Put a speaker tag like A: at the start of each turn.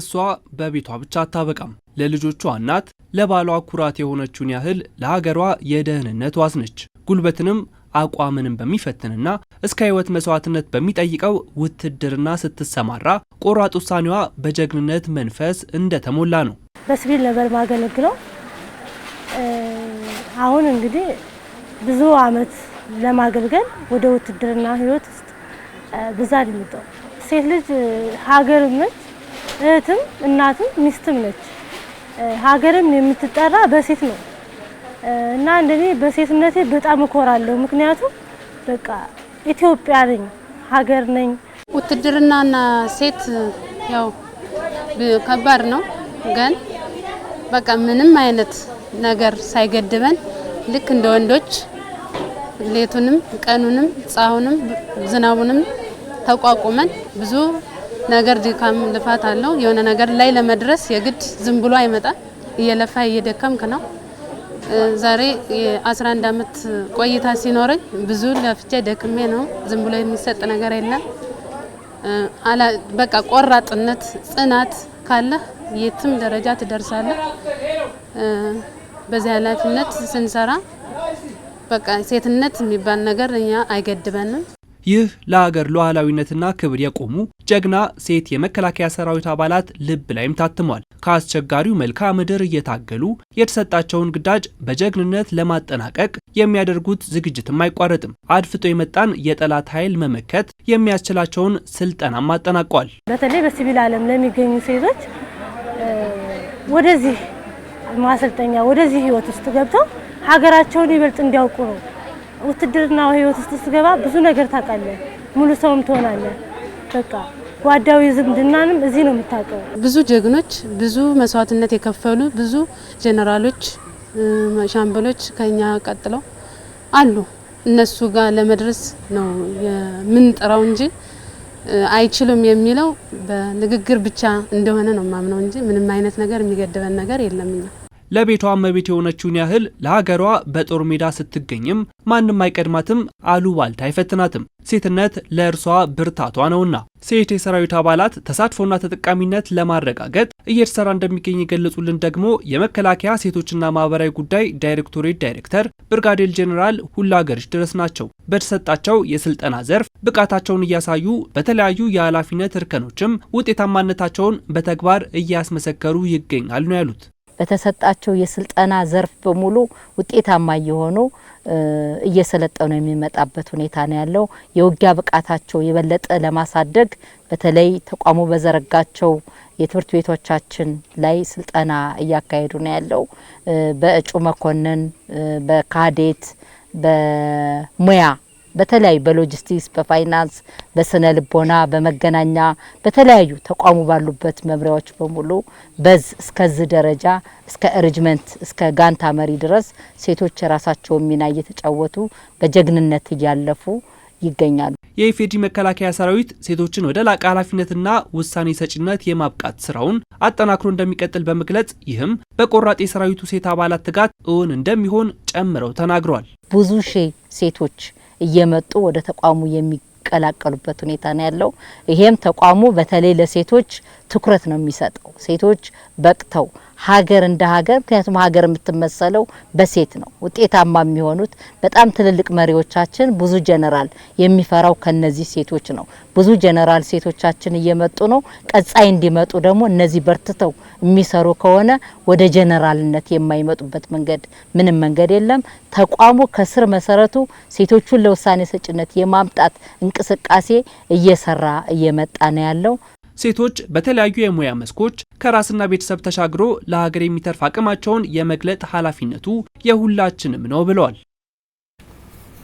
A: እሷ በቤቷ ብቻ አታበቃም። ለልጆቿ እናት፣ ለባሏ ኩራት የሆነችውን ያህል ለሀገሯ የደህንነት ዋስ ነች። ጉልበትንም አቋምንም በሚፈትንና እስከ ሕይወት መስዋዕትነት በሚጠይቀው ውትድርና ስትሰማራ ቆራጥ ውሳኔዋ በጀግንነት መንፈስ እንደተሞላ ነው።
B: በስቢል ነበር ማገለግለው። አሁን እንግዲህ ብዙ አመት ለማገልገል ወደ ውትድርና ሕይወት ውስጥ ብዛ ልምጠው ሴት ልጅ ሀገር ምን እህትም እናትም ሚስትም ነች። ሀገርም የምትጠራ በሴት ነው እና እንደኔ በሴትነቴ በጣም እኮራለሁ። ምክንያቱም በቃ ኢትዮጵያ ነኝ፣ ሀገር ነኝ።
C: ውትድርናና ሴት ያው ከባድ ነው፣ ግን በቃ ምንም አይነት ነገር ሳይገድበን ልክ እንደ ወንዶች ሌቱንም ቀኑንም ፀሐዩንም ዝናቡንም ተቋቁመን ብዙ ነገር ድካም ልፋት አለው። የሆነ ነገር ላይ ለመድረስ የግድ ዝም ብሎ አይመጣም። እየለፋ እየደከምክ ነው። ዛሬ የ11 አመት ቆይታ ሲኖረኝ ብዙ ለፍቼ ደክሜ ነው። ዝም ብሎ የሚሰጥ ነገር የለም። በቃ ቆራጥነት፣ ጽናት ካለ የትም ደረጃ ትደርሳለህ። በዚህ ኃላፊነት ስንሰራ በቃ ሴትነት የሚባል ነገር እኛ አይገድበንም።
A: ይህ ለሀገር ሉዓላዊነትና ክብር የቆሙ ጀግና ሴት የመከላከያ ሰራዊት አባላት ልብ ላይም ታትሟል። ከአስቸጋሪው መልክዓ ምድር እየታገሉ የተሰጣቸውን ግዳጅ በጀግንነት ለማጠናቀቅ የሚያደርጉት ዝግጅትም አይቋረጥም። አድፍጦ የመጣን የጠላት ኃይል መመከት የሚያስችላቸውን ስልጠናም አጠናቋል።
B: በተለይ በሲቪል ዓለም ለሚገኙ ሴቶች ወደዚህ ማሰልጠኛ ወደዚህ ህይወት ውስጥ ገብተው ሀገራቸውን ይበልጥ እንዲያውቁ ነው ውትድርና ህይወት ውስጥ ስገባ ብዙ ነገር ታውቃለህ፣ ሙሉ ሰውም ትሆናለህ። በቃ ጓዳዊ ዝምድናንም እዚህ ነው የምታውቀው።
C: ብዙ ጀግኖች፣ ብዙ መስዋዕትነት የከፈሉ ብዙ ጀነራሎች፣ ሻምበሎች ከኛ ቀጥለው አሉ። እነሱ ጋር ለመድረስ ነው የምንጥረው እንጂ አይችሉም የሚለው በንግግር ብቻ እንደሆነ ነው ማምነው እንጂ ምንም አይነት ነገር የሚገድበን ነገር የለም።
A: ለቤቷ እመቤት የሆነችውን ያህል ለሀገሯ በጦር ሜዳ ስትገኝም ማንም አይቀድማትም፣ አሉባልታ አይፈትናትም። ሴትነት ለእርሷ ብርታቷ ነውና ሴት የሰራዊት አባላት ተሳትፎና ተጠቃሚነት ለማረጋገጥ እየተሰራ እንደሚገኝ የገለጹልን ደግሞ የመከላከያ ሴቶችና ማህበራዊ ጉዳይ ዳይሬክቶሬት ዳይሬክተር ብርጋዴር ጄኔራል ሁላገርሽ ድረስ ናቸው። በተሰጣቸው የስልጠና ዘርፍ ብቃታቸውን እያሳዩ በተለያዩ የኃላፊነት እርከኖችም ውጤታማነታቸውን በተግባር እያስመሰከሩ ይገኛል ነው ያሉት።
D: በተሰጣቸው የስልጠና ዘርፍ በሙሉ ውጤታማ እየሆኑ እየሰለጠኑ የሚመጣበት ሁኔታ ነው ያለው። የውጊያ ብቃታቸው የበለጠ ለማሳደግ በተለይ ተቋሙ በዘረጋቸው የትምህርት ቤቶቻችን ላይ ስልጠና እያካሄዱ ነው ያለው። በእጩ መኮንን፣ በካዴት፣ በሙያ በተለያዩ በሎጂስቲክስ፣ በፋይናንስ፣ በስነ ልቦና፣ በመገናኛ በተለያዩ ተቋሙ ባሉበት መምሪያዎች በሙሉ በዝ እስከዚህ ደረጃ እስከ እርጅመንት እስከ ጋንታ መሪ ድረስ ሴቶች የራሳቸውን ሚና እየተጫወቱ በጀግንነት እያለፉ ይገኛሉ።
A: የኢፌዴሪ መከላከያ ሰራዊት ሴቶችን ወደ ላቀ ኃላፊነትና ውሳኔ ሰጪነት የማብቃት ስራውን አጠናክሮ እንደሚቀጥል በመግለጽ ይህም በቆራጥ የሰራዊቱ ሴት አባላት ትጋት እውን እንደሚሆን ጨምረው ተናግረዋል።
D: ብዙ ሺህ ሴቶች እየመጡ ወደ ተቋሙ የሚቀላቀሉበት ሁኔታ ነው ያለው። ይሄም ተቋሙ በተለይ ለሴቶች ትኩረት ነው የሚሰጠው። ሴቶች በቅተው ሀገር እንደ ሀገር ምክንያቱም ሀገር የምትመሰለው በሴት ነው። ውጤታማ የሚሆኑት በጣም ትልልቅ መሪዎቻችን ብዙ ጀነራል የሚፈራው ከነዚህ ሴቶች ነው። ብዙ ጀነራል ሴቶቻችን እየመጡ ነው። ቀጻይ እንዲመጡ ደግሞ እነዚህ በርትተው የሚሰሩ ከሆነ ወደ ጀነራልነት የማይመጡበት መንገድ ምንም መንገድ የለም። ተቋሙ ከስር መሰረቱ ሴቶቹን ለውሳኔ ሰጭነት የማምጣት እንቅስቃሴ እየሰራ እየመጣ ነው ያለው።
A: ሴቶች በተለያዩ የሙያ መስኮች ከራስና ቤተሰብ ተሻግሮ ለሀገር የሚተርፍ አቅማቸውን የመግለጥ ኃላፊነቱ የሁላችንም ነው ብለዋል።